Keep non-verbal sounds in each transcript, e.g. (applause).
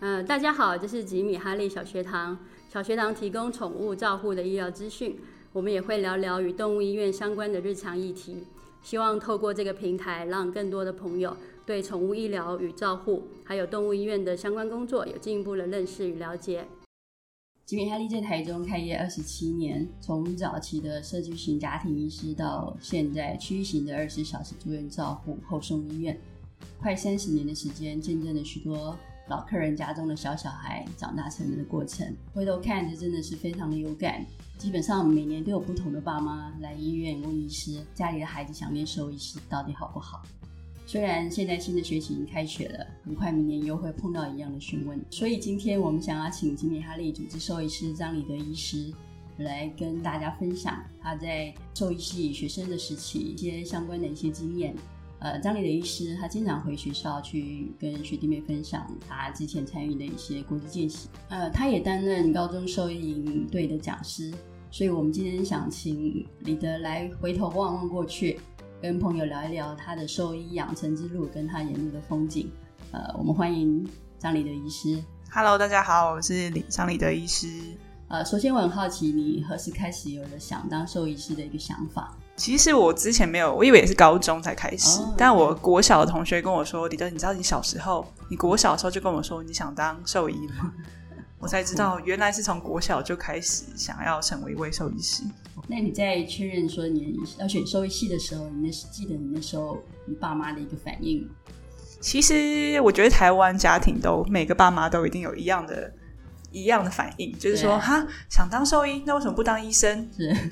呃，大家好，這是吉米哈利小學堂。小學堂提供寵物照護的醫療資訊，我們也會聊聊與動物醫院相關的日常議題。希望透過這個平台，讓更多的朋友對寵物醫療與照護，還有動物醫院的相關工作有進一步的認識與了解。吉米哈利在台中開業二十七年，從早期的社區型家庭醫師，到現在區域型的二十四小時住院照護後送醫院，快三十年的時間，見證了許多，老客人家中的小小孩長大成人的過程，回頭看着真的是非常的有感。基本上每年都有不同的爸媽來醫院問醫師，家裡的孩子想念獸醫師到底好不好？雖然現在新的學期已經開學了，很快明年又會碰到一樣的詢問。所以今天我們想要請吉米哈利主治獸醫師張李得醫師來跟大家分享他在獸醫師與學生的時期一些相關的一些經驗。呃，張禮的醫師，他經常回學校去跟學弟妹分享他之前參與的一些國際見習。呃，他也擔任高中獸醫營隊的講師，所以我們今天想請李德來回頭望望過去，跟朋友聊一聊他的獸醫養成之路跟他沿路的風景。呃，我們歡迎張理的醫師。Hello，大家好，我是李張禮的醫師。呃，首先我很好奇，你何時開始有了想當獸醫師的一個想法？其實我之前沒有，我以為也是高中才開始。Oh, okay. 但我國小的同學跟我說：“李得，你知道你小時候，你國小的時候就跟我說你想當獸醫嗎？” (laughs) 酷我才知道，原來是從國小就開始想要成為一位獸醫師。那你在確認說你，你要選獸醫系的時候，你是記得你那時候你爸媽的一個反應嗎？其實我覺得台灣家庭都每個爸媽都一定有一樣的、一樣的反應，就是說：“哈、啊，想當獸醫，那為什麼不當醫生？”是。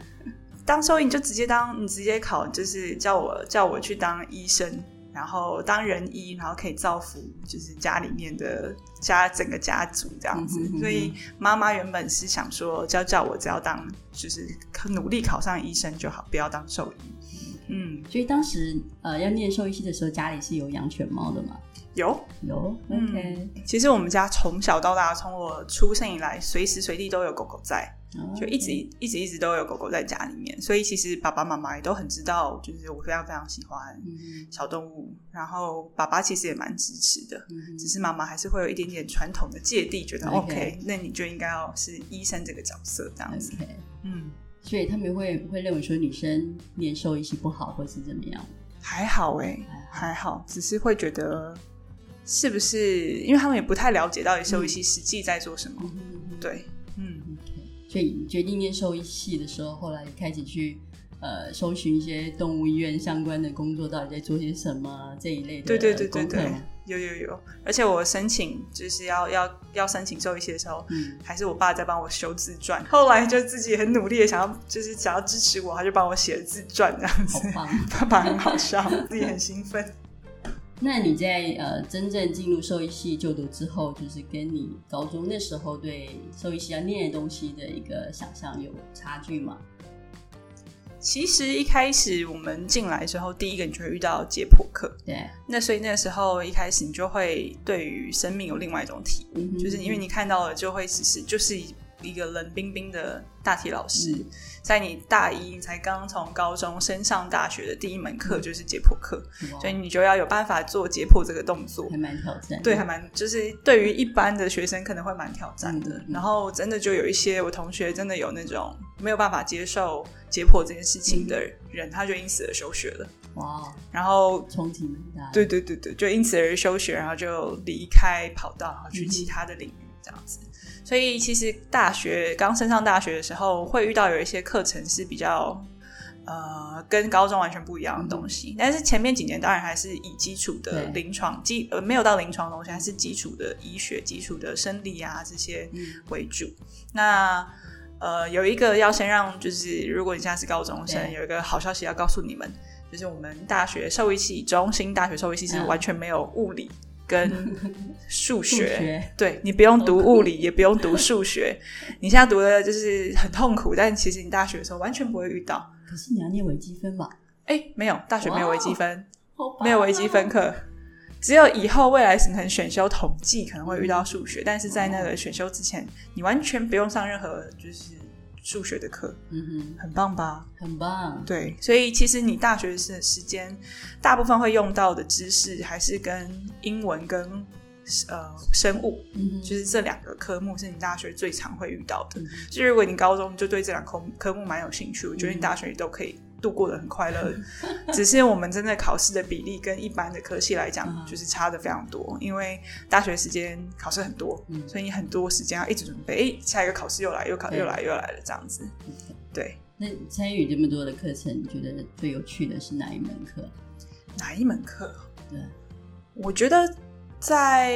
當獸醫你就直接當，你直接考，就是叫我叫我去當醫生，然後當人醫，然後可以造福就是家裡面的家，整個家族這樣子。所以媽媽原本是想說，只要叫我只要當就是努力考上醫生就好，不要當獸醫。嗯，所以當時呃要念獸醫系的時候，家裡是有養犬貓的嗎？有有，OK、嗯。其實我們家從小到大，從我出生以來，隨時隨地都有狗狗在，啊 okay、就一直一直一直都有狗狗在家裡面。所以其實爸爸媽媽也都很知道，就是我非常非常喜歡小動物，嗯、然後爸爸其實也蠻支持的，嗯、只是媽媽還是會有一點點傳統的芥蒂，覺得 okay, OK，那你就應該要是醫生這個角色這樣子，Okay，嗯。所以他們會會認為說，女生念獸醫系不好，或是怎麼樣？還好哎、欸，還好，還好，只是會覺得是不是？因為他們也不太了解到底獸醫系實際在做什麼。嗯、對，嗯，okay. 所以你決定念獸醫系的時候，後來開始去呃搜尋一些動物醫院相關的工作到底在做些什麼這一類的功課對對、對、對、對對。對。有有有，而且我申請就是要要要申請獸醫系的時候，嗯，還是我爸在幫我修自傳。後來就自己很努力的想要，就是想要支持我，他就幫我寫了自傳這樣子。好棒！爸爸 (laughs) 很好笑，自己很興奮。 (laughs) 那你在呃真正進入獸醫系就讀之後，就是跟你高中那時候對獸醫系要念的東西的一個想象有差距嗎？其實一開始我們進來之後，第一個你就會遇到解剖課。對，Yeah. 那所以那個時候一開始你就會對於生命有另外一種體驗，mm hmm. 就是因為你看到了，就會只是就是。一個冷冰冰的大體老師，在你大一，你才剛從高中升上大學的第一門課、嗯、就是解剖課，所以哇你就要有辦法做解剖這個動作，還蠻挑戰。對，還蠻就是對於一般的學生可能會蠻挑戰的。嗯嗯、然後真的就有一些、嗯、我同學真的有那種沒有辦法接受解剖這件事情的人，嗯、他就因此而休學了。哇！然後重填對對對對，就因此而休學，然後就離開跑道，然後去其他的領域、嗯、這樣子。所以其實大學剛升上大學的時候，會遇到有一些課程是比較呃跟高中完全不一樣的東西。嗯、但是前面幾年當然還是以基礎的臨床對基呃沒有到臨床的東西，還是基礎的醫學、基礎的生理啊這些為主。嗯、那呃有一個要先讓就是如果你現在是高中生，對有一個好消息要告訴你們，就是我們大學獸醫系中興，大學獸醫系是完全沒有物理，嗯跟數學，學，對，你不用讀物理，苦也不用讀數學。你現在讀的就是很痛苦，但其實你大學的時候完全不會遇到。可是你要念微積分吧？哎、欸，沒有，大學沒有微積分，哇沒有微積分課。喔、只有以後未來可能選修統計可能會遇到數學，但是在那個選修之前，你完全不用上任何就是。數學的課，嗯哼、mm，hmm. 很棒吧？很棒，對，所以其實你大學的時時間大部分會用到的知識，還是跟英文跟呃生物，嗯、mm，hmm. 就是這兩個科目是你大學最常會遇到的。Mm hmm. 所以如果你高中就對這兩科科目蠻有興趣，我覺得你大學都可以。度過得很快樂，只是我們真的考試的比例跟一般的科系來講，就是差得非常多。因為大學時間考試很多，所以你很多時間要一直準備。哎、欸，下一個考試又來，又考，又來，又來了，這樣子。對。對，那參與這麼多的課程，你覺得最有趣的是哪一門課？哪一門課？對，我覺得在。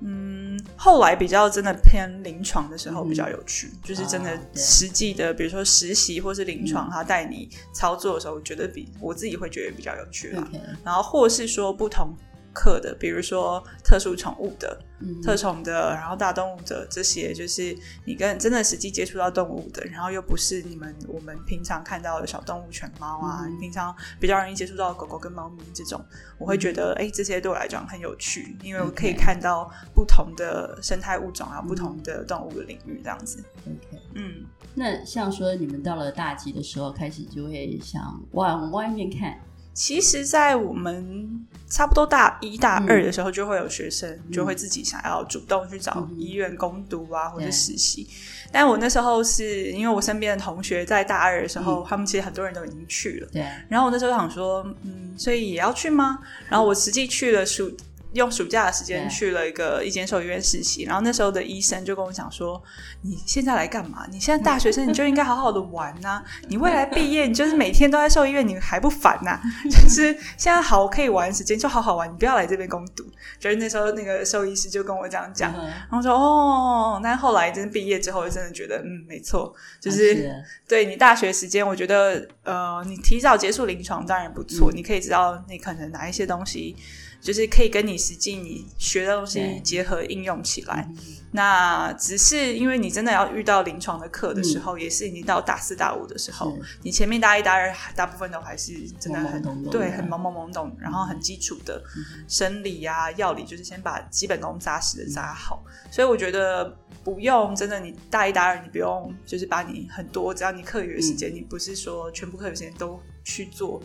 嗯，後來比較真的偏臨床的時候比較有趣，嗯、就是真的實際的，啊、比如說實習或是臨床，他帶、嗯、你操作的時候，我覺得比我自己會覺得比較有趣啦。Okay. 然後或是說不同，課的，比如說特殊寵物的、嗯、特寵的，然後大動物的這些，就是你跟真的實際接觸到動物的，然後又不是你們我們平常看到的小動物、犬貓啊，嗯、平常比較容易接觸到的狗狗跟貓咪這種，我會覺得哎、嗯欸，這些對我來講很有趣，因為我可以看到不同的生態物種啊，不同的動物的領域這樣子。OK，嗯，那像說你們到了大幾的時候，開始就會想往外面看。其實，在我們差不多大一大二的時候，就會有學生就會自己想要主動去找醫院工讀啊，或者實習。但我那時候是因為我身邊的同學在大二的時候，他們其實很多人都已經去了。對。然後我那時候想說，嗯，所以也要去嗎？然後我實際去了數。用暑假的時間去了一個一間獸醫院實習，對然後那時候的醫生就跟我講說：“你現在來幹嘛？你現在大學生，你就應該好好的玩吶、啊！ (laughs) 你未來畢業，你就是每天都在獸醫院，你還不煩吶、啊？就是現在好，可以玩時，時間就好好玩，你不要來這邊攻讀。”就是那時候那個獸醫師就跟我這樣講，嗯嗯，然後說：“哦。”但後來真畢業之後，真的覺得嗯，沒錯，就是，、啊、是對你大學時間，我覺得呃，你提早結束臨床當然不錯，嗯、你可以知道你可能哪一些東西。就是可以跟你實際你學的東西結合應用起來，對那只是因為你真的要遇到臨床的課的時候，嗯、也是已經到大四大五的時候，是你前面大一、大二大部分都還是真的很猛猛動動，對，很懵懵懂懂，然後很基礎的、嗯、生理呀、啊、藥理，就是先把基本功扎實的扎好。嗯、所以我覺得不用真的，你大一、大二你不用就是把你很多只要你課餘的時間，嗯、你不是說全部課餘時間都去做。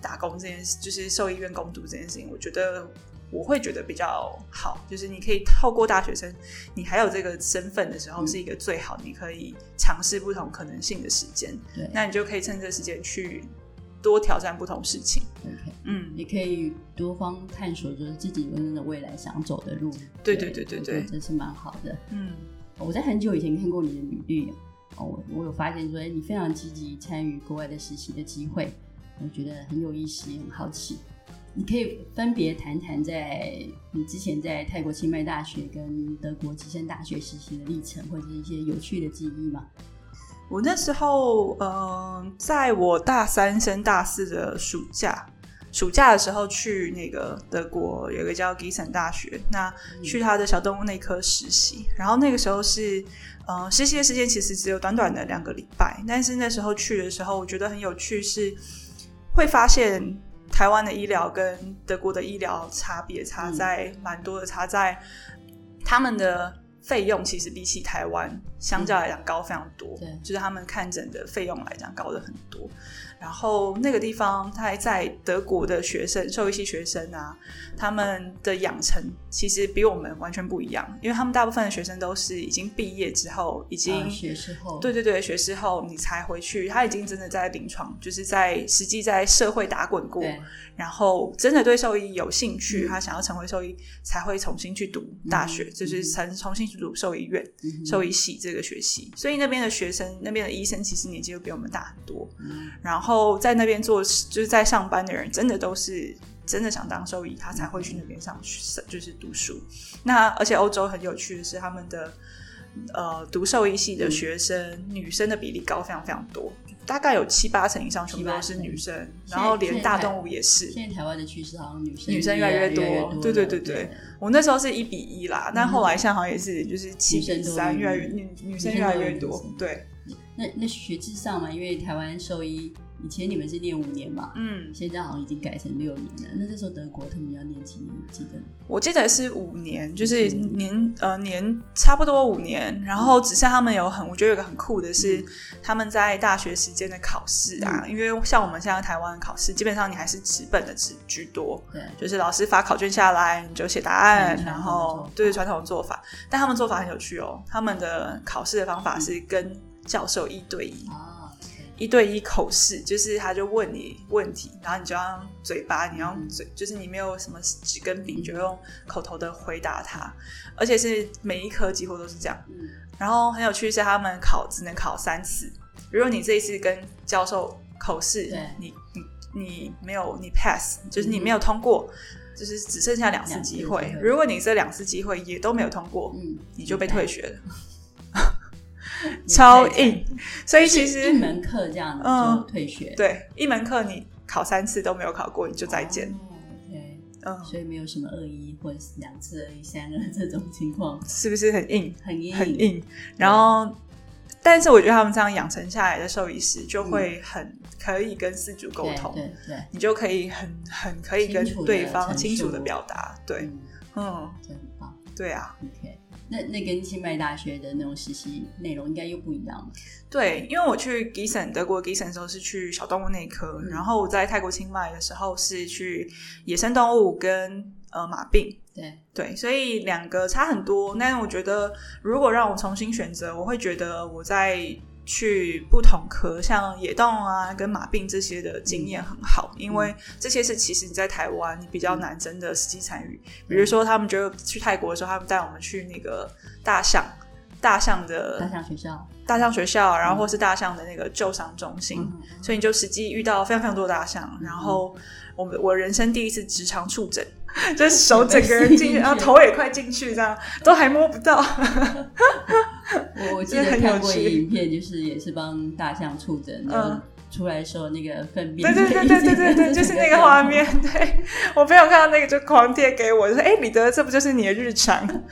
打工這件事，就是獸醫院工讀這件事情，我覺得我會覺得比較好。就是你可以透過大學生，你還有這個身份的時候，是一個最好你可以嘗試不同可能性的時間。對、嗯，那你就可以趁這個時間去多挑戰不同事情。Okay. 嗯，你可以多方探索，說自己的未來想走的路。對對對對對，這是蠻好的。嗯，我在很久以前看過你的履歷，哦我，我有發現說，你非常積極參與國外的實習的機會。我覺得很有意思，也很好奇。你可以分別談談在你之前在泰國清邁大學跟德國吉森大學實習的歷程，或者是一些有趣的記憶嗎？我那時候，嗯、呃，在我大三升大四的暑假，暑假的時候去那個德國有個叫吉森大學，那去他的小動物內科實習。然後那個時候是，嗯、呃，實習的時間其實只有短短的兩個禮拜，但是那時候去的時候，我覺得很有趣是。會發現台灣的醫療跟德國的醫療差別差在蠻、嗯、多的，差在他們的費用其實比起台灣相較來講高非常多，嗯、就是他們看診的費用來講高了很多。然後那個地方，他還在德國的學生，獸醫系學生啊，他們的養成其實比我們完全不一樣，因為他們大部分的學生都是已經畢業之後，已經、啊、學士後，對對對，學士後你才回去，他已經真的在臨床，就是在實際在社會打滾過，對然後真的對獸醫有興趣，嗯、他想要成為獸醫才會重新去讀大學，嗯嗯、就是才重新去讀獸醫院、嗯嗯、獸醫系這個學習，所以那邊的學生、那邊的醫生其實年紀就比我們大很多，然後。後在那邊做，就是在上班的人，真的都是真的想當獸醫，他才會去那邊上學，就是讀書。那而且歐洲很有趣的是，他們的呃讀獸醫系的學生女生的比例高，非常非常多，大概有七八成以上全部都是女生。然後連大動物也是。現在台灣的趨勢好像女生女生越來越多，對對對，我那時候是一比一啦，但後來現在好像也是就是七十三越來越女女生越來越多。對，那那學制上嘛，因為台灣獸醫。以前你們是念五年吧？嗯，現在好像已經改成六年了。那那時候德國他們要念幾年，記得？我記得是五年，就是年，嗯、呃，年差不多五年。然後，只是他們有很我覺得有個很酷的是，他們在大學時間的考試啊，嗯、因為像我們現在台灣的考試，基本上你還是紙本的紙居多。對，就是老師發考卷下來，你就寫答案，然後對傳統做法。做法嗯，但他們做法很有趣哦，他們的考試的方法是跟教授一對一。嗯嗯一對一口試，就是他就問你問題，然後你就要用嘴巴，你要用嘴，就是你沒有什麼紙跟筆，就用口頭的回答他。而且是每一科幾乎都是這樣。然後很有趣的是，他們考只能考三次。如果你這一次跟教授口試，你你你沒有你 pass，就是你沒有通過，就是只剩下兩次機會。如果你這兩次機會也都沒有通過，你就被退學了。超硬，所以其實一門課這樣就退學。對，一門課你考三次都沒有考過，你就再見。OK，所以沒有什麼二一或者兩次二一三二這種情況，是不是很硬？很硬，很硬。然後，但是我覺得他們這樣養成下來的獸醫師，就會很可以跟飼主溝通。對，你就可以很很可以跟對方清楚的表達。對，嗯，很棒。對啊。那那跟清邁大學的那種實習內容應該又不一樣了嗎？對，因為我去 Giessen 德國 Giessen 的時候是去小動物內科，嗯、然後我在泰國清邁的時候是去野生動物跟呃馬病。對對，所以兩個差很多。那、嗯、我覺得如果讓我重新選擇，我會覺得我在。去不同科，像野動啊、跟馬病這些的經驗很好，嗯、因為這些是其實你在台灣你比較難真的實際參與。嗯、比如說他們就去泰國的時候，他們帶我們去那個大象、大象的大象學校、大象學校，然後或是大象的那個救傷中心，嗯、所以你就實際遇到非常非常多的大象。然後我們我人生第一次直腸觸診，嗯、就是手整個人進去，然後、啊、頭也快進去，這樣都還摸不到。 (laughs) 我我記得看過一影片，就是也是幫大象觸診，然後出來說那個糞便，對、嗯、對對對對對，就是那個畫面 (laughs) 對。我朋友看到那個就狂貼給我，說、就是：“哎、欸，李得，這不就是你的日常？” (laughs)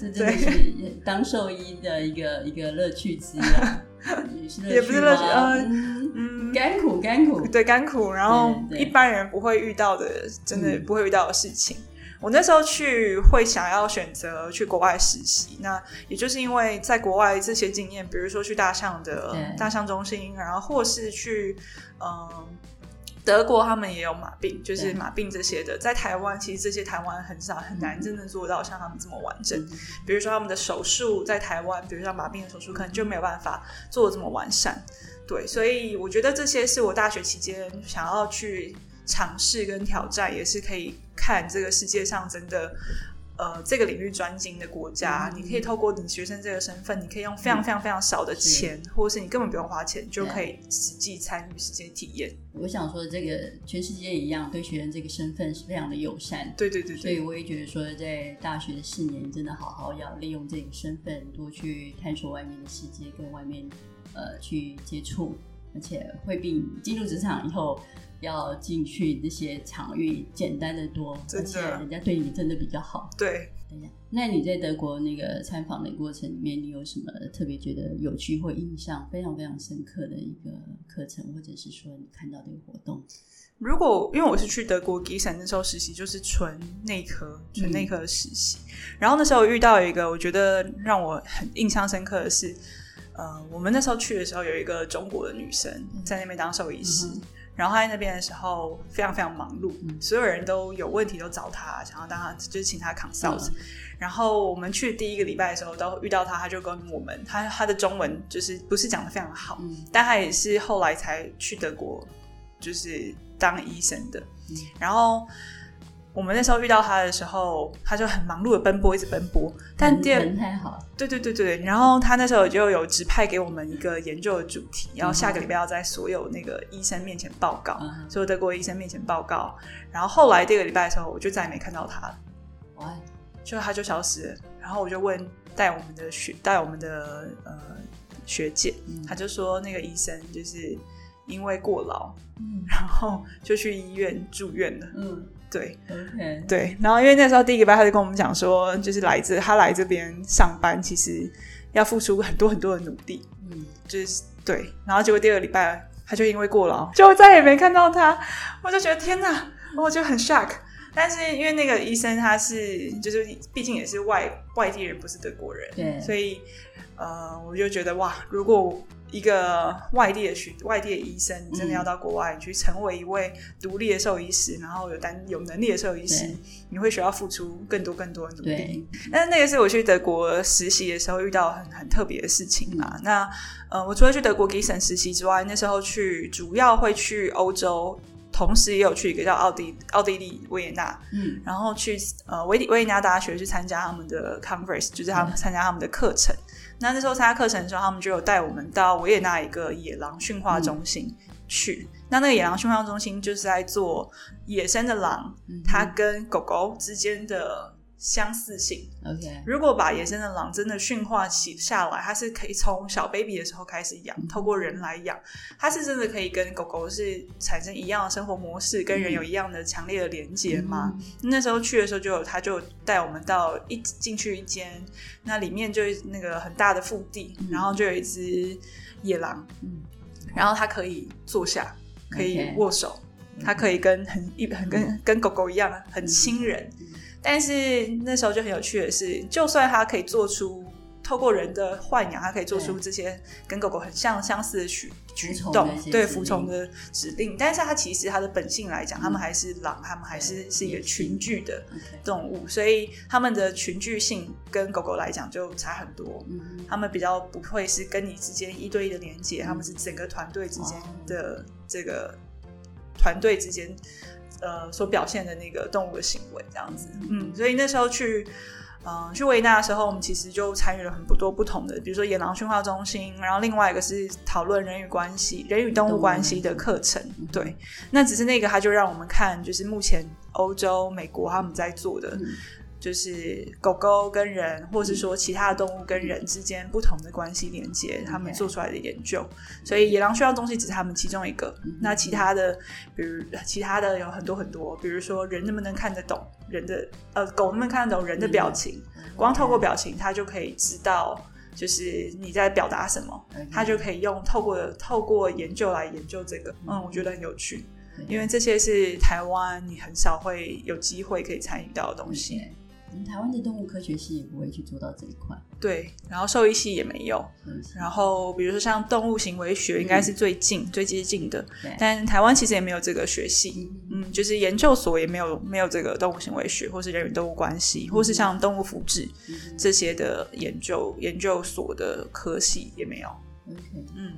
這真的是當獸醫的一個一個樂趣之一、啊， (laughs) 樂也不是樂趣、啊，嗯，甘苦甘苦，甘苦對甘苦，然後一般人不會遇到的，對對對，真的不會遇到的事情。我那時候去會想要選擇去國外實習，那也就是因為在國外這些經驗，比如說去大象的大象中心，然後或是去嗯德國，他們也有馬病，就是馬病這些的。在台灣其實這些台灣很少，很難真正做到像他們這麼完整。比如說他們的手術在台灣，比如說馬病的手術，可能就沒有辦法做的這麼完善。對，所以我覺得這些是我大學期間想要去。嘗試跟挑戰，也是可以看這個世界上真的、呃，這個領域專精的國家。嗯、你可以透過你學生這個身份，你可以用非常非常非常少的錢，嗯、或者是你根本不用花錢，就可以實際參與、實際體驗。我想說，這個全世界一樣，對學生這個身份是非常的友善。對對，對對對。所以我也覺得說，在大學的四年，真的好好要利用這個身份，多去探索外面的世界，跟外面呃、去接觸，而且會比進入職場以後，要進去那些場域簡單得多，真的，而且人家對你真的比較好。對，等一下，那你在德國那個參訪的過程裡面，你有什麼特別覺得有趣或印象非常非常深刻的一個課程，或者是說你看到的一個活動？如果因為我是去德國基森那時候實習，就是純內科，純內科、嗯、純內科的實習。然後那時候我遇到一個我覺得讓我很印象深刻的是，呃，我們那時候去的時候有一個中國的女生在那邊當獸醫師。嗯嗯然後他在那邊的時候非常非常忙碌，嗯、所有人都有問題都找他，想要當他就是請他 consult。嗯、然後我們去第一個禮拜的時候都遇到他，他就跟我們，他他的中文就是不是講得非常好，嗯、但他也是後來才去德國就是當醫生的，嗯、然後。我們那時候遇到他的時候，他就很忙碌的奔波，一直奔波。但第二，還太好，對對對對。然後他那時候就有指派給我們一個研究的主題，然後下個禮拜要在所有那個醫生面前報告，所有、嗯、哼德國醫生面前報告。然後後來這個禮拜的時候，我就再也沒看到他了。哇！就他就消失。然後我就問帶我們的學帶我們的呃學姐，他就說那個醫生就是因為過勞，嗯、然後就去醫院住院了。嗯。對，Okay. 對，然後因為那時候第一個禮拜他就跟我們講說，就是來自他來這邊上班，其實要付出很多很多的努力，嗯，就是對，然後結果第二個禮拜他就因為過勞，就再也沒看到他，我就覺得天哪，我就很 shock，但是因為那個醫生他是就是畢竟也是外外地人，不是德國人，對，所以呃，我就覺得哇，如果。一個外地的學外地的醫生，真的要到國外去成為一位獨立的獸醫師，然後有單有能力的獸醫師，對你會需要付出更多更多的努力。對但是那個是我去德國實習的時候遇到很很特別的事情嘛。嗯、那呃，我除了去德國 Giessen 實習之外，那時候去主要會去歐洲，同時也有去一個叫奧地奧地利維也納，嗯，然後去呃維維也納大學去參加他們的 conference，就是他們參、嗯、加他們的課程。那那時候參加課程的時候，他們就有帶我們到維也納一個野狼馴化中心去。嗯、那那個野狼馴化中心就是在做野生的狼，它、嗯、跟狗狗之間的。相似性，OK。如果把野生的狼真的馴化起下來，它是可以從小 baby 的時候開始養，嗯、透過人來養，它是真的可以跟狗狗是產生一樣的生活模式，嗯、跟人有一樣的強烈的連接嘛？嗯、那時候去的時候就有，就他就帶我們到一進去一間，那裡面就那個很大的腹地，嗯、然後就有一隻野狼，嗯、然後它可以坐下，可以握手，它 OK。可以跟很一很跟跟狗狗一樣，很親人。嗯嗯但是那時候就很有趣的是，就算它可以做出透過人的豢養，它可以做出這些跟狗狗很像相似的舉舉動，服對服從的指令。但是它其實它的本性來講，它、嗯、們還是狼，它們還是是一個群聚的動物，Okay. 所以它們的群聚性跟狗狗來講就差很多。它、嗯、們比較不會是跟你之間一對一的連接，嗯、他們是整個團隊之間的這個。團隊之間，呃，所表現的那個動物的行為這樣子，嗯，所以那時候去，呃，去維納的時候，我們其實就參與了很多不同的，比如說野狼馴化中心，然後另外一個是討論人與關係、人與動物關係的課程，對，那只是那個，他就讓我們看，就是目前歐洲、美國他們在做的。就是狗狗跟人，或是說其他的動物跟人之間不同的關係連接，他們做出來的研究。所以野狼需要的東西只是他們其中一個。那其他的，比如其他的有很多很多，比如說人能不能看得懂人的，呃，狗能不能看得懂人的表情？光透過表情，它就可以知道就是你在表達什麼，它就可以用透過透過研究來研究這個。嗯，我覺得很有趣，因為這些是台灣你很少會有機會可以參與到的東西。嗯、台灣的動物科學系也不會去做到這一塊，對。然後獸醫系也沒有。嗯、然後比如說像動物行為學，應該是最近、嗯、最接近的，對。但台灣其實也沒有這個學系。嗯，嗯，就是研究所也沒有沒有這個動物行為學，或是人與動物關係，嗯、或是像動物福祉、嗯、這些的研究研究所的科系也沒有。Okay. 嗯。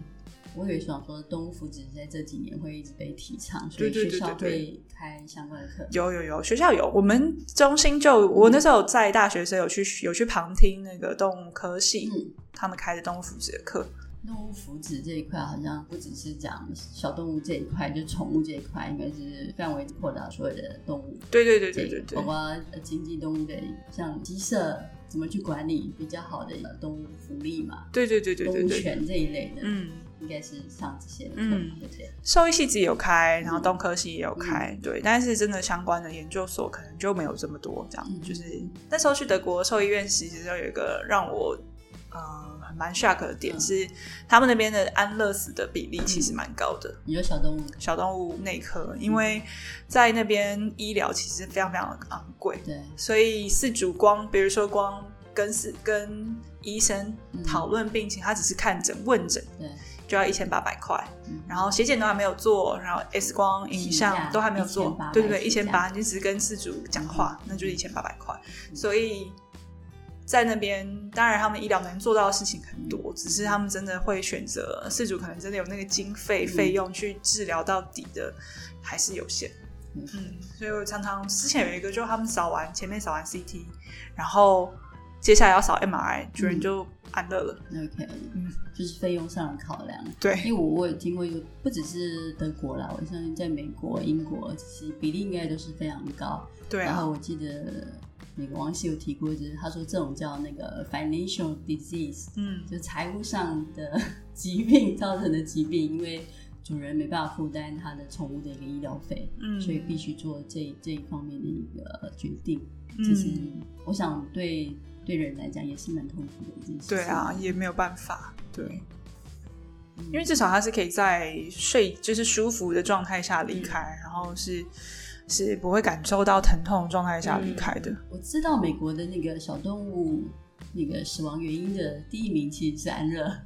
我也想說，動物福祉在這幾年會一直被提倡，所以學校會開相關的課。有有有，學校有。我們中心就我那時候在大學的時候有去有去旁聽那個動物科系，嗯，他們開的動物福祉的課。動物福祉這一塊好像不只是講小動物這一塊，就寵物這一塊，應該是範圍擴大所有的動物。對對對，對對對對對，包括經濟動物的，像雞舍怎麼去管理比較好的動物福利嘛？對對，對對對對對對，動物權這一類的，嗯。應該是像這些嗯，這些獸醫系也有開，然後動科系也有開，嗯、對。但是真的相關的研究所，可能就沒有這麼多，這樣。嗯、就是那時候去德國獸醫院實習時，有一個讓我呃蠻 shock 的點、嗯、是，他們那邊的安樂死的比例其實蠻高的。你有、嗯、小動物，小動物內科，嗯、因為在那邊醫療其實非常非常昂貴，對，所以是主光，比如說光跟是跟醫生討論病情，嗯、他只是看診問診，對。就要一千八百塊，嗯、然後血檢都還沒有做，然後 X 光影像都還沒有做，嗯、對對對，1800一千八，你就只是跟飼主講話，嗯、那就是一千八百塊。嗯、所以在那邊，當然他們醫療能做到的事情很多，嗯、只是他們真的會選擇飼主，可能真的有那個經費、嗯、費用去治療到底的還是有限。嗯,嗯，所以我常常之前有一個，就是他們掃完前面掃完 CT，然後。接下來要掃 MRI，主人就安樂了、嗯。OK，嗯，就是費用上的考量。對，因為我我也聽過一個，不只是德國啦，我相信在美國、英國，其實比例應該都是非常高。對、啊。然後我記得那個王希有提過，就是他說這種叫那個 financial disease，嗯，就財務上的疾病造成的疾病，因為主人沒辦法負擔他的寵物的一個醫療費，嗯，所以必須做這這一方面的一個決定。嗯，就是我想對。對人來講也是蠻痛苦的一件事。對啊，也沒有辦法。對，嗯、因為至少他是可以在睡就是舒服的狀態下離開，嗯、然後是是不會感受到疼痛的狀態下離開的、嗯。我知道美國的那個小動物、嗯、那個死亡原因的第一名其實是安樂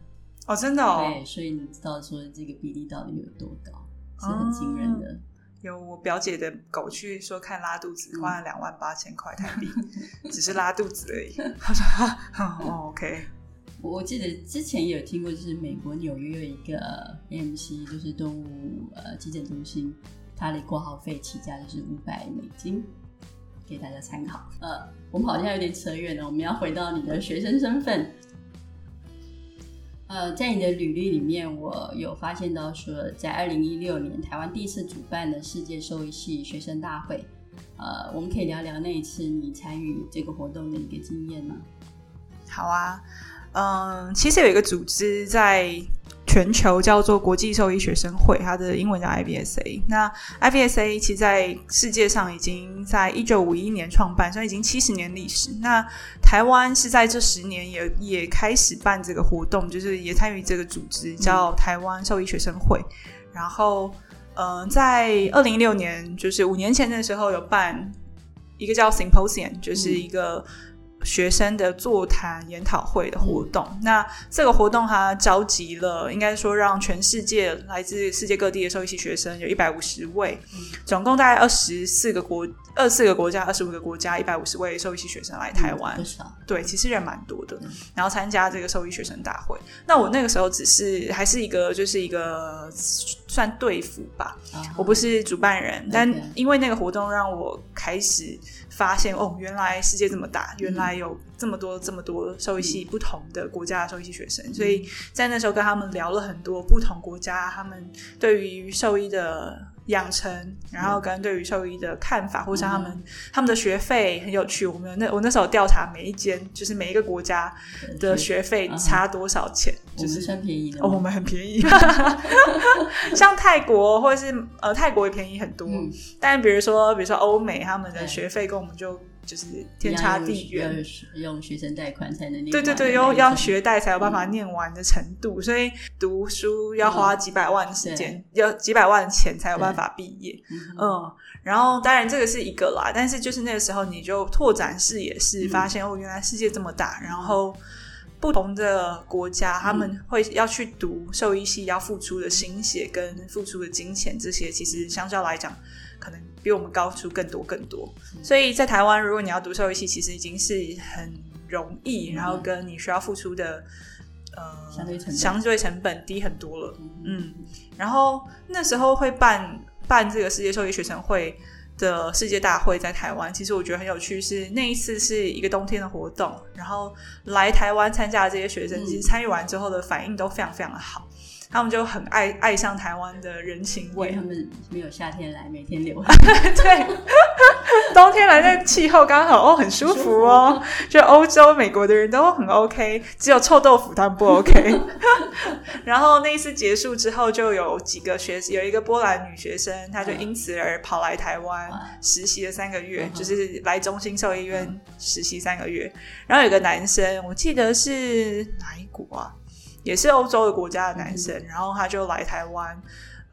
哦，真的哦。對，所以你知道說這個比例到底有多高，是很驚人的。嗯有我表姐的狗去說看拉肚子，花了兩萬八千塊台幣，只是拉肚子而已。他說：“哦，OK。”我記得之前也有聽過，就是美國紐約一個 AMC，就是動物呃急診中心，它的掛號費起價就是五百美金，給大家參考。呃，我們好像有點扯遠了，我們要回到你的學生身份。呃，在你的履歷裡面，我有發現到說在，在二零一六年台灣第一次主辦的世界獸醫系學生大會，呃，我們可以聊聊那一次你參與這個活動的一個經驗嗎？好啊，嗯，其實有一個組織在。全球叫做國際獸醫學生會，它的英文叫 IVSA。那 IVSA 其實在世界上已經在一九五一年創辦，所以已經七十年歷史。那台灣是在這十年也也開始辦這個活動，就是也參與這個組織，叫台灣獸醫學生會。嗯、然後，呃、在二零一六年，就是五年前的時候，有辦一個叫 Symposium，就是一個。學生的座談研討會的活動，嗯、那這個活動它召集了，應該說讓全世界來自世界各地的獸醫系學生有一百五十位，嗯、總共大概二十四個國、二四個國家、二十五個國家，一百五十位獸醫系學生來台灣，嗯、對，其實人蠻多的。然後參加這個獸醫學生大會，那我那個時候只是還是一個就是一個算隊輔吧，啊、哈我不是主辦人，那個、但因為那個活動讓我開始。發現哦，原來世界這麼大，原來有這麼多這麼多獸醫系不同的國家的獸醫系學生，所以在那時候跟他們聊了很多不同國家，他們對於獸醫的。養成，然後跟對於獸醫的看法，互相他們他們的學費很有趣。我們那我那時候調查每一間，就是每一個國家的學費差多少錢，啊、就是算便宜的。哦，我們很便宜， (laughs) 像泰國或者是呃泰國也便宜很多，嗯、但比如說比如說歐美他們的學費跟我們就。就是天差地遠，用學生貸款才能念，對對對，要要學貸才有辦法念完的程度，嗯、所以讀書要花幾百萬的時間，嗯、要幾百萬的錢才有辦法畢業。嗯，嗯，然後當然這個是一個啦，但是就是那個時候你就拓展視野，是發現、嗯、哦，原來世界這麼大，然後不同的國家他們會要去讀獸醫系，要付出的心血跟付出的金錢，這些其實相較來講可能。比我們高出更多更多，所以在台灣，如果你要讀獸醫系，其實已經是很容易，然後跟你需要付出的呃相對成相對成本低很多了。嗯，然後那時候會辦辦這個世界獸醫學生會的世界大會在台灣，其實我覺得很有趣是，是那一次是一個冬天的活動，然後來台灣參加的這些學生，其實參與完之後的反應都非常非常的好。他們就很愛愛上台灣的人情味，他們沒有夏天來，每天流汗。 (laughs) 對，冬天來那氣候剛好，哦，很舒服哦。服就歐洲、美國的人都很 OK，只有臭豆腐他們不 OK。 (laughs) (laughs) 然後那一次結束之後，就有幾個學，有一個波蘭女學生，她就因此而跑來台灣哇實習了三個月，就是來中心獸醫院實習三個月。嗯、然後有個男生，我記得是哪一國啊？也是歐洲的國家的男生，嗯、哼然後他就來台灣，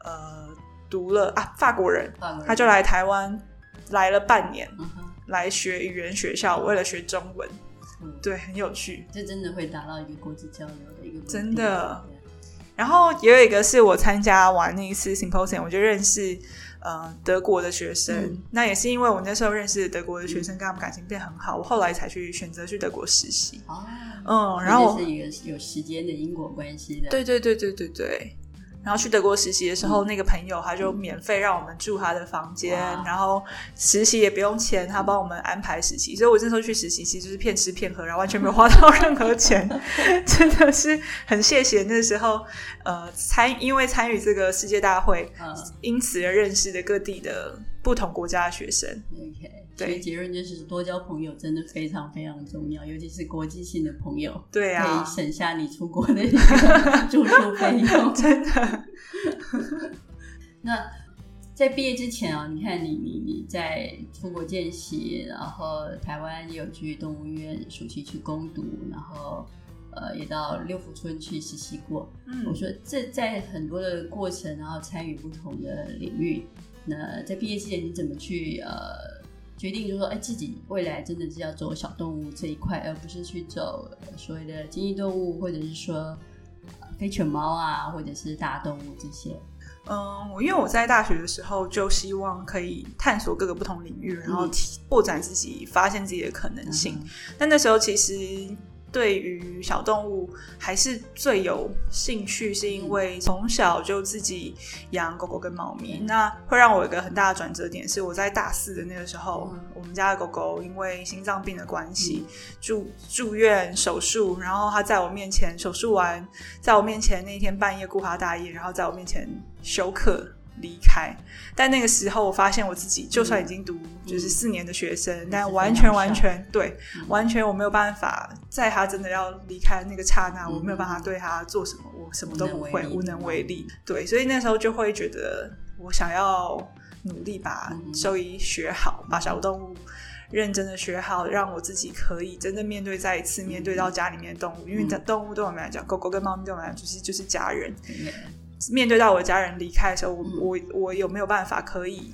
呃，讀了啊，法國人，人他就來台灣來了半年，嗯、哼來學語言學校，為了學中文，嗯、對，很有趣。這真的會達到一個國際交流的一個目的。真的。Yeah. 然後也有一個是我參加完那一次 simple s c e n 我就認識，呃，德國的學生，嗯、那也是因為我那時候認識德國的學生，跟他們感情變很好，我後來才去選擇去德國實習。哦、啊，嗯，然後是一個有時間的因果關係的。對，對對對對對對。然後去德國實習的時候，嗯、那個朋友他就免費讓我們住他的房間，哇然後實習也不用錢，他幫我們安排實習。所以，我這時候去實習其實就是騙吃騙喝，然後完全沒有花到任何錢， (laughs) 真的是很謝謝那個時候呃參因為參與這個世界大會，嗯、因此而認識的各地的。不同國家的學生，OK，對所以結論就是多交朋友真的非常非常重要，尤其是國際性的朋友。對、啊、可以省下你出國那的住宿費用， (laughs) 真的。 (laughs) 那在畢業之前啊，你看你你你在出國見習，然後台灣也有去動物醫院暑期去工讀，然後、呃、也到六福村去實習過。嗯，我說這在很多的過程，然後參與不同的領域。那在畢業之前，你怎麼去呃決定，就說，哎、欸，自己未來真的是要走小動物這一塊，而不是去走、呃、所謂的經濟動物，或者是說，非、呃、犬貓啊，或者是大動物這些？嗯，我因為我在大學的時候就希望可以探索各個不同領域，然後拓展自己，發現自己的可能性。嗯、但那時候其實，對於小動物還是最有興趣，是因為從小就自己養狗狗跟貓咪。那會讓我有一個很大的轉折點是，我在大四的那個時候，嗯、我們家的狗狗因為心臟病的關係、嗯、住住院手術，然後它在我面前手術完，在我面前那天半夜顧他大夜，然後在我面前休克。離開，但那個時候我發現我自己，就算已經讀就是四年的學生，但完全完全對，完全我沒有辦法，在他真的要離開那個剎那，我沒有辦法對他做什麼，我什麼都不會，無能為力。對，所以那時候就會覺得，我想要努力把獸醫學好，把小動物認真的學好，讓我自己可以真正面對再一次面對到家裡面的動物，因為在動物對我們來講，狗狗跟貓咪對我們來講其實就是家人。面對到我的家人離開的時候，我我，我有沒有辦法可以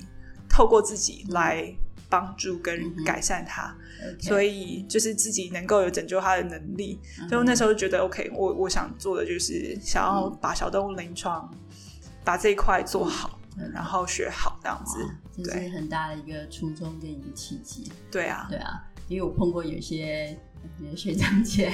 透過自己來幫助跟改善他？嗯 okay. 所以就是自己能夠有拯救他的能力。所以、嗯、哼那時候覺得 OK，我我想做的就是想要把小動物臨床、嗯、把這一塊做好，嗯、然後學好這樣子、嗯，這是很大的一個初衷跟一個契機。對啊，對啊，因為我碰過有些。也學長姐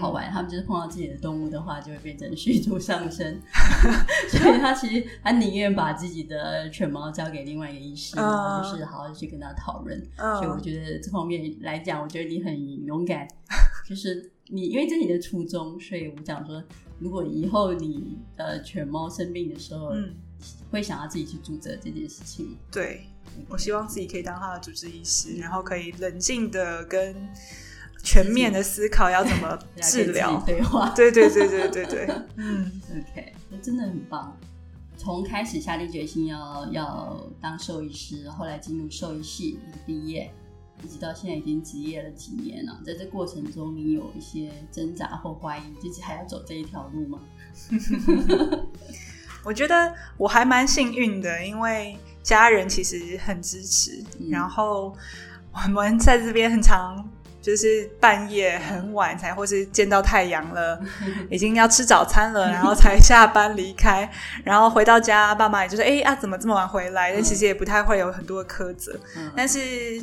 好玩，嗯、他們就是碰到自己的動物的話，就會變成飼主上身。 (laughs) 所以，他其實他寧願把自己的犬貓交給另外一個醫師，嗯、就是好好去跟他討論。嗯、所以，我覺得這方面來講，我覺得你很勇敢。嗯、就是你因為這是你的初衷，所以我講說，如果以後你的犬貓生病的時候，嗯、會想要自己去負責這件事情。對。Okay. 我希望自己可以當他的主治醫師，然後可以冷靜的跟。全面的思考要怎麼治療？對對對對對對，對。嗯，OK，這真的很棒。從開始下定決心要要當獸醫師，後來進入獸醫系畢業，一直到現在已經執業了幾年了。在這過程中，你有一些掙扎或懷疑自己還要走這一條路嗎？我覺得我還蠻幸運的，因為家人其實很支持，然後我們在這邊很常。就是半夜很晚才或是見到太陽了，已經要吃早餐了，然後才下班離開，然後回到家，爸媽也就是說：“哎、欸、啊，怎麼這麼晚回來？”但其實也不太會有很多的苛責，嗯、但是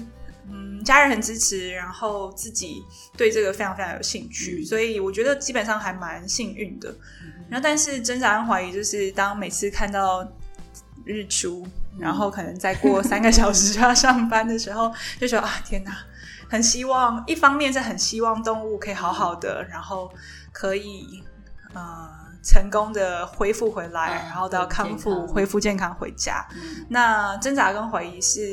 嗯，家人很支持，然後自己對這個非常非常有興趣，嗯、所以我覺得基本上還蠻幸運的。然後，但是掙扎跟懷疑就是，當每次看到日出，然後可能再過三個小時就要上班的時候，就說：“啊，天哪！”很希望，一方面是很希望動物可以好好的，嗯、然後可以呃成功的恢復回來，啊、然後都要康復、健康、恢復健康回家。嗯、那掙扎跟懷疑是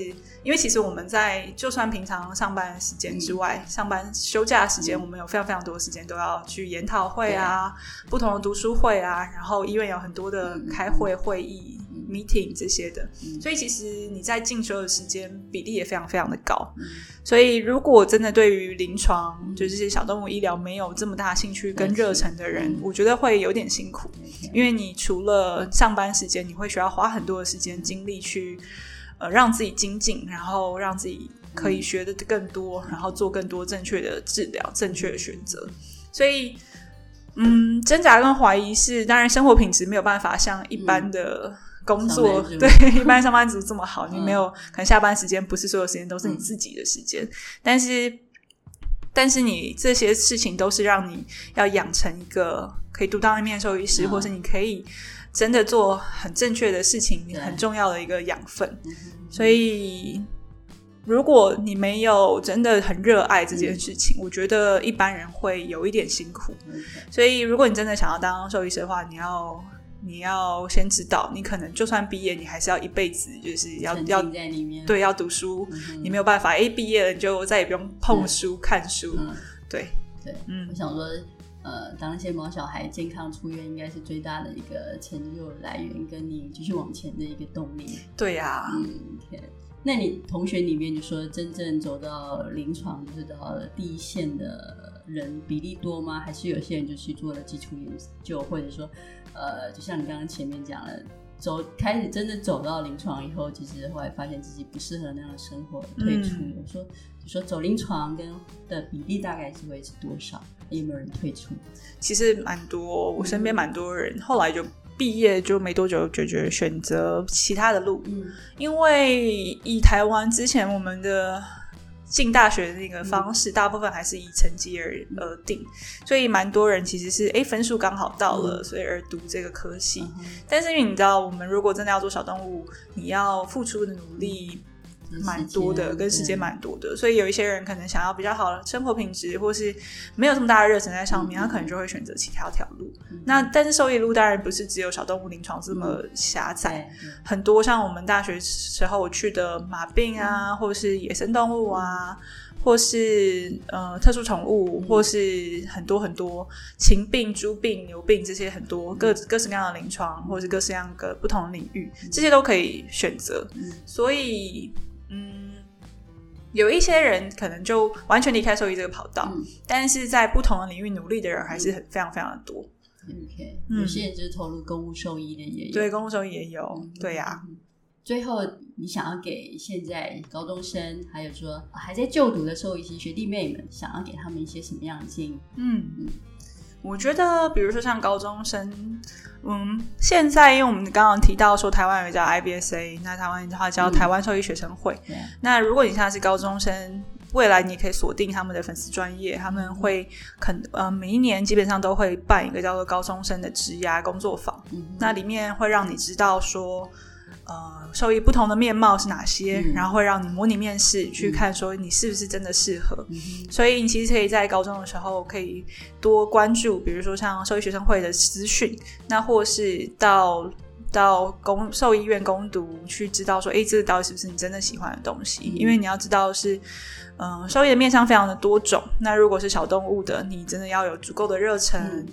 因為，其實我們在就算平常上班時間之外，嗯、上班休假的時間，我們有非常非常多的時間都要去研討會啊，對不同的讀書會啊，然後醫院有很多的開會會議。嗯嗯 meeting 這些的，所以其實你在進修的時間比例也非常非常的高。嗯、所以如果真的對於臨床就是這些小動物醫療沒有這麼大興趣跟熱忱的人，是我覺得會有點辛苦，嗯、因為你除了上班時間，你會需要花很多的時間精力去呃讓自己精進，然後讓自己可以學的更多，然後做更多正確的治療、正確的選擇。所以，嗯，掙扎跟懷疑是當然，生活品質沒有辦法像一般的。工作對，一般上班族這麼好，嗯、你沒有可能下班時間不是所有時間都是你自己的時間，嗯、但是但是你這些事情都是讓你要養成一個可以獨當一面的獸醫師，嗯、或是你可以真的做很正確的事情，對很重要的一個養分。嗯哼嗯哼所以如果你沒有真的很熱愛這件事情，嗯、我覺得一般人會有一點辛苦。嗯、哼所以如果你真的想要當獸醫師的話，你要。你要先知道，你可能就算畢業，你還是要一輩子就是要要在裡面要對要讀書，嗯嗯，你沒有辦法。哎、欸，畢業了你就再也不用碰書、嗯、看書。對、嗯、對，對嗯、我想說，呃、當一些毛小孩健康出院，應該是最大的一個成就來源，跟你繼續往前的一個動力。嗯、對呀、啊，嗯、okay. 那你同學裡面就，你說真正走到臨床，就是到了第一線的人比例多嗎？還是有些人就去做了基礎研究，或者說？呃，就像你剛剛前面講了，走開始真的走到臨床以後，其實後來發現自己不適合那樣的生活，退出。嗯、說說走臨床跟的比例大概是會是多少？有沒有人退出？其實蠻多，我身邊蠻多人、嗯、後來就畢業就沒多久，就選擇其他的路。嗯、因為以台灣之前我們的，進大學的那個方式，嗯、大部分還是以成績而而定，所以蠻多人其實是哎、欸、分數剛好到了，嗯、所以而讀這個科系。嗯、哼但是因為你知道，我們如果真的要做小動物，你要付出的努力。嗯蠻多的，跟時間蠻多的，所以有一些人可能想要比較好的生活品質，或是沒有這麼大的熱忱在上面，他可能就會選擇其他條路。那但是獸醫路當然不是只有小動物臨床這麼狹窄，很多像我們大學時候去的馬病啊，或是野生動物啊，或是呃特殊寵物，或是很多很多禽病、豬病、牛病這些很多各各式各樣的臨床，或是各式各樣的不同領域，這些都可以選擇。所以。嗯，有一些人可能就完全離開獸醫這個跑道，嗯、但是在不同的領域努力的人還是很、嗯、非常非常的多。OK，、嗯、有些人就是投入公務獸醫的也有，對，公務獸醫也有，對呀。最後，你想要給現在高中生，還有說、啊、還在就讀的時候，一些學弟妹們，想要給他們一些什麼樣的建議？嗯嗯。嗯我覺得，比如說像高中生，嗯，現在因為我們剛剛提到說台灣有叫 IBSA，那台灣的話叫台灣獸醫學生會。Mm hmm. Yeah. 那如果你現在是高中生，未來你也可以鎖定他們的粉絲專業，他們會肯呃每一年基本上都會辦一個叫做高中生的職涯工作坊，mm hmm. 那裡面會讓你知道說。呃，受益不同的面貌是哪些？嗯、然後會讓你模擬面試，嗯、去看說你是不是真的適合。嗯、哼所以，你其實可以在高中的時候可以多關注，比如說像獸醫學生會的資訊，那或是到到公獸醫院攻讀，去知道說，誒，這到底是不是你真的喜歡的東西？嗯、因為你要知道是，嗯、呃，受益的面向非常的多種。那如果是小動物的，你真的要有足夠的熱忱。嗯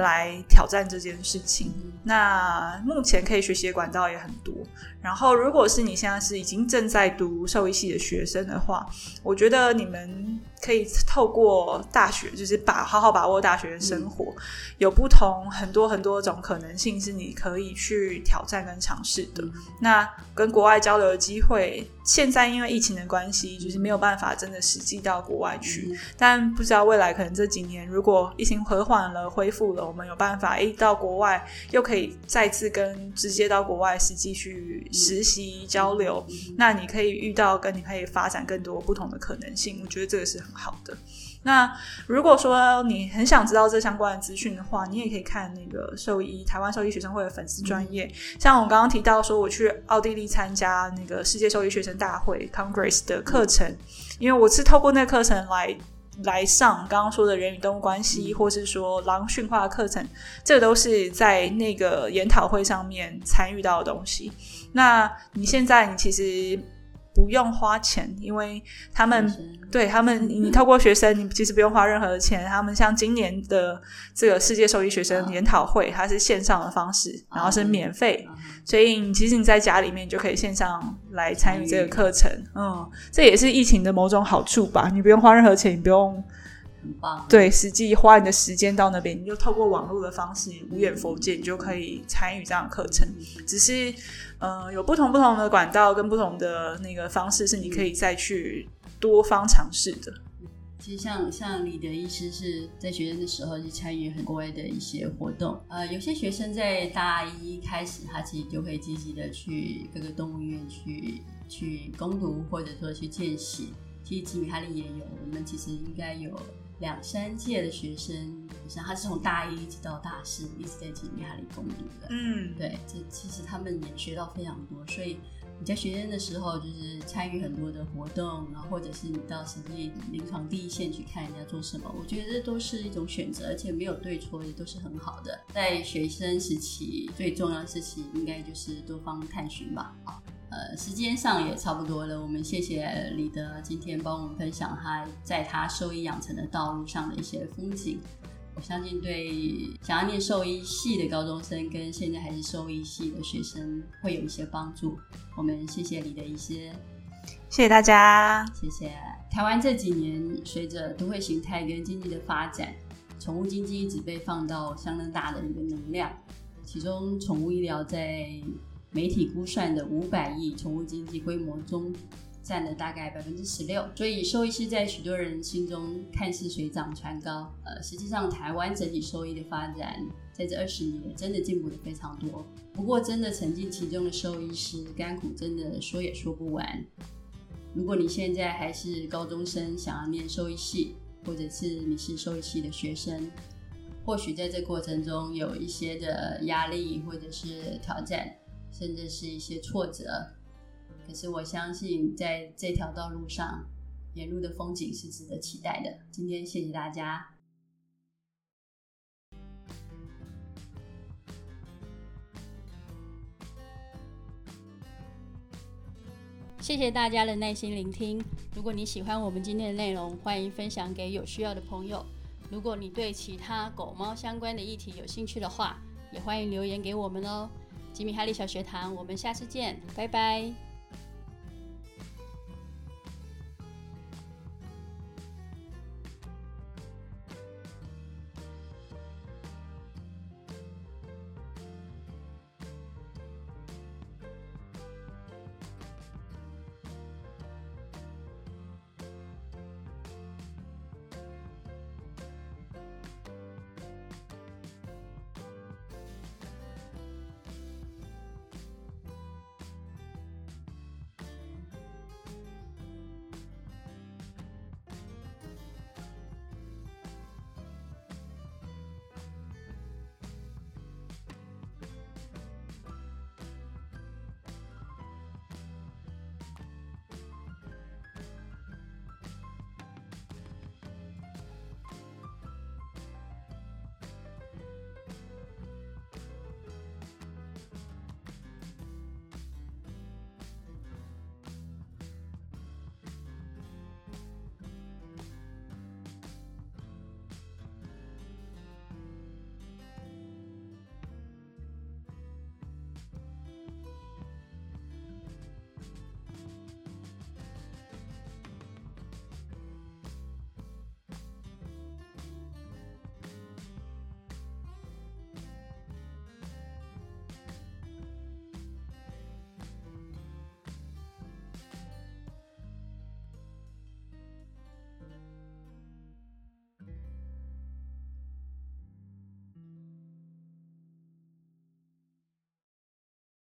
來挑戰這件事情。那目前可以學習的管道也很多。然後，如果是你現在是已經正在讀獸醫系的學生的話，我覺得你們可以透過大學，就是把好好把握大學的生活，嗯、有不同很多很多種可能性是你可以去挑戰跟嘗試的。嗯、那跟國外交流的機會，現在因為疫情的關係，就是沒有辦法真的實際到國外去。嗯嗯，但不知道未來可能這幾年，如果疫情和緩了、恢復了，我們有辦法誒到國外，又可以再次跟直接到國外實際去，實習交流，那你可以遇到，跟你可以發展更多不同的可能性。我覺得這個是很好的。那如果說你很想知道這相關的資訊的話，你也可以看那個獸醫台灣獸醫學生會的粉絲專頁。像我剛剛提到說，我去奧地利參加那個世界獸醫學生大會 Congress 的課程，嗯、因為我是透過那個課程來來上剛剛說的人與動物關係，嗯、或是說狼馴化的課程，這個、都是在那個研討會上面參與到的東西。那你現在你其實不用花錢，因為他們對他們，你透過學生，你其實不用花任何的錢。他們像今年的這個世界獸醫學生研討會，它是線上的方式，然後是免費，所以你其實你在家裡面就可以線上來參與這個課程。嗯，這也是疫情的某種好處吧？你不用花任何錢，你不用。很棒啊，對，實際花你的時間到那邊，你就透過網絡的方式，無遠弗屆，你就可以參與這樣的課程。嗯、只是，呃，有不同不同的管道跟不同的那個方式，是你可以再去多方嘗試的。嗯，其實像，像像你的意思是在學生的時候就參與很國外的一些活動。呃，有些學生在大一,一開始，他其實就會積極的去各個動物醫院去去工讀，或者說去見習。其實吉米哈利也有，我們其實應該有。兩三屆的學生，像他是從大一一直到大四，一直在吉米哈利工讀的。嗯，對，這其實他們也學到非常多。所以你在學生的時候，就是參與很多的活動，然後或者是你到實際臨床第一線去看人家做什麼，我覺得這都是一種選擇，而且沒有對錯，也都是很好的。在學生時期，最重要的事情應該就是多方探尋吧。呃，時間上也差不多了。我們謝謝李得今天幫我們分享他在他獸醫養成的道路上的一些風景。我相信對想要念獸醫系的高中生跟現在還是獸醫系的學生會有一些幫助。我們謝謝李得醫師，謝謝大家，謝謝。台灣這幾年隨着都會型態跟經濟的發展，寵物經濟一直被放到相當大的一個能量，其中寵物醫療在。媒體估算的五百億寵物經濟規模中，占了大概百分之十六。所以，獸醫師在許多人心中看似水漲船高，呃，實際上台灣整體獸醫的發展，在這二十年真的進步得非常多。不過，真的沉浸其中的獸醫師，甘苦真的說也說不完。如果你現在還是高中生，想要念獸醫系，或者是你是獸醫系的學生，或許在這過程中有一些的壓力或者是挑戰。甚至是一些挫折，可是我相信在這條道路上，沿路的風景是值得期待的。今天謝謝大家，謝謝大家的耐心聆聽。如果你喜歡我們今天的內容，歡迎分享給有需要的朋友。如果你對其他狗貓相關的議題有興趣的話，也歡迎留言給我們哦。吉米哈利小學堂，我們下次見，拜拜。